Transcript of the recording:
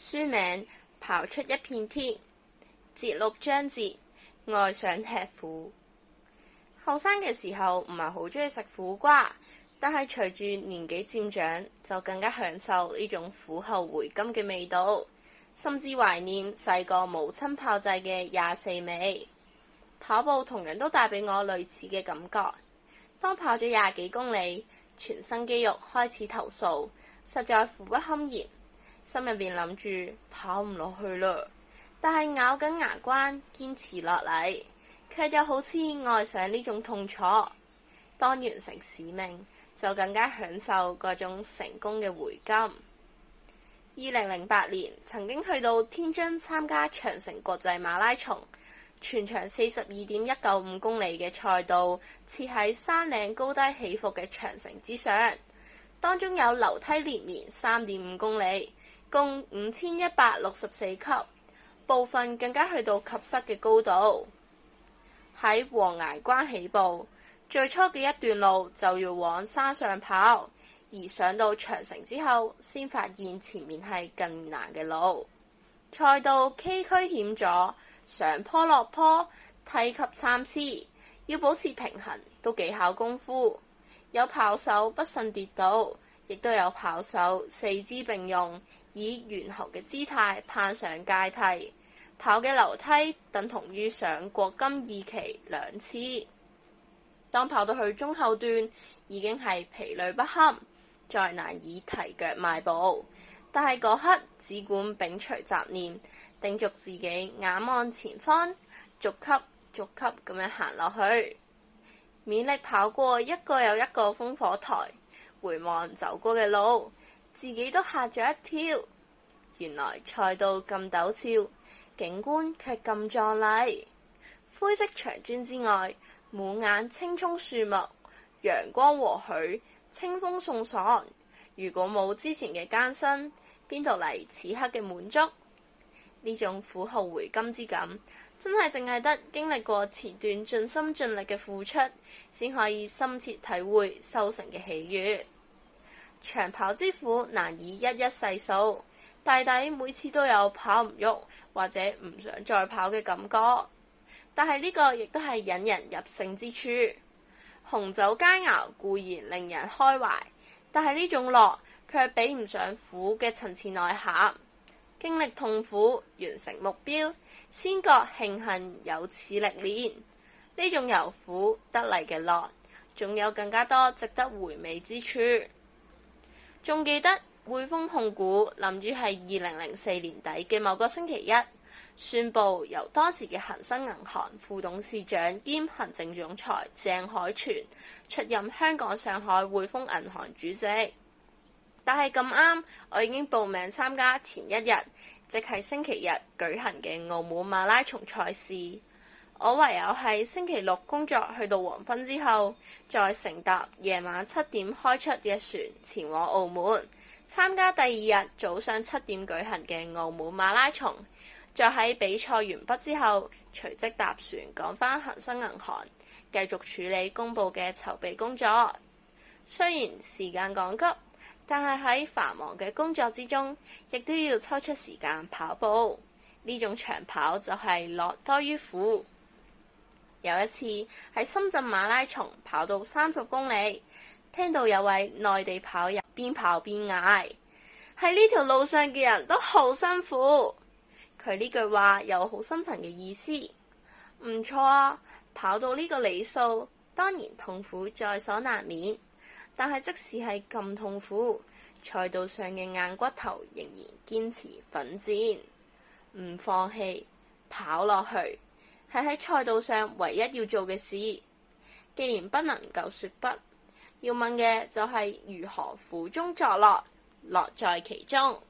書名《跑出一片天》，節錄章節《愛上吃苦》。後生嘅時候唔係好中意食苦瓜，但係隨住年紀漸長，就更加享受呢種苦後回甘嘅味道，甚至懷念細個母親炮製嘅廿四味。跑步同樣都帶俾我類似嘅感覺。當跑咗廿幾公里，全身肌肉開始投訴，實在苦不堪言。心入邊諗住跑唔落去嘞，但係咬緊牙關堅持落嚟，卻又好似愛上呢種痛楚。當完成使命，就更加享受嗰種成功嘅回甘。二零零八年曾經去到天津參加長城國際馬拉松，全長四十二點一九五公里嘅賽道，設喺山嶺高低起伏嘅長城之上，當中有樓梯連綿三點五公里。共五千一百六十四級，部分更加去到及膝嘅高度。喺黃崖關起步，最初嘅一段路就要往山上跑，而上到長城之後，先發現前面係更難嘅路。賽道崎嶇險阻，上坡落坡，梯級參差，要保持平衡都幾考功夫。有跑手不慎跌倒。亦都有跑手四肢並用，以猿猴嘅姿態攀上階梯，跑嘅樓梯等同於上國金二期兩次。當跑到去中後段，已經係疲累不堪，再難以提腳邁步，但係嗰刻只管摒除雜念，定著自己眼望前方，逐級逐級咁樣行落去，勉力跑過一個又一個烽火台。回望走過嘅路，自己都吓咗一跳。原來賽道咁陡峭，景觀卻咁壯麗。灰色長磚之外，滿眼青葱樹木，陽光和煦，清風送爽。如果冇之前嘅艱辛，邊度嚟，此刻嘅滿足？呢種苦後回甘之感，真係淨係得經歷過前段盡心盡力嘅付出，先可以深切體會收成嘅喜悅。長跑之苦難以一一細數，大抵每次都有跑唔喐或者唔想再跑嘅感覺。但係呢個亦都係引人入勝之處。紅酒佳肴固，固然令人開懷，但係呢種樂卻比唔上苦嘅層次內涵。經歷痛苦，完成目標。先覺慶幸有此歷練，呢種由苦得嚟嘅樂，仲有更加多值得回味之處。仲記得滙豐控股林住系二零零四年底嘅某個星期一，宣佈由當時嘅恒生銀行副董事長兼行政總裁鄭海泉出任香港上海滙豐銀行主席。但係咁啱，我已經報名參加前一日，即係星期日舉行嘅澳門馬拉松賽事，我唯有喺星期六工作去到黃昏之後，再乘搭夜晚七點開出嘅船前往澳門，參加第二日早上七點舉行嘅澳門馬拉松，再喺比賽完畢之後，隨即搭船趕返恒生銀行，繼續處理公佈嘅籌備工作。雖然時間趕急，但係喺繁忙嘅工作之中，亦都要抽出時間跑步。呢種長跑就係落多於苦。 有一次喺深圳馬拉松跑到三十公里，聽到有位內地跑友邊跑邊嗌：喺呢條路上嘅人都好辛苦。佢呢句話有好深層嘅意思。唔錯啊，跑到呢個里數，當然痛苦在所難免。但係即使係咁痛苦，賽道上嘅硬骨頭仍然堅持奮戰，唔放棄，跑落去，係喺賽道上唯一要做嘅事。既然不能夠說不，要問嘅就係如何苦中作樂，樂在其中。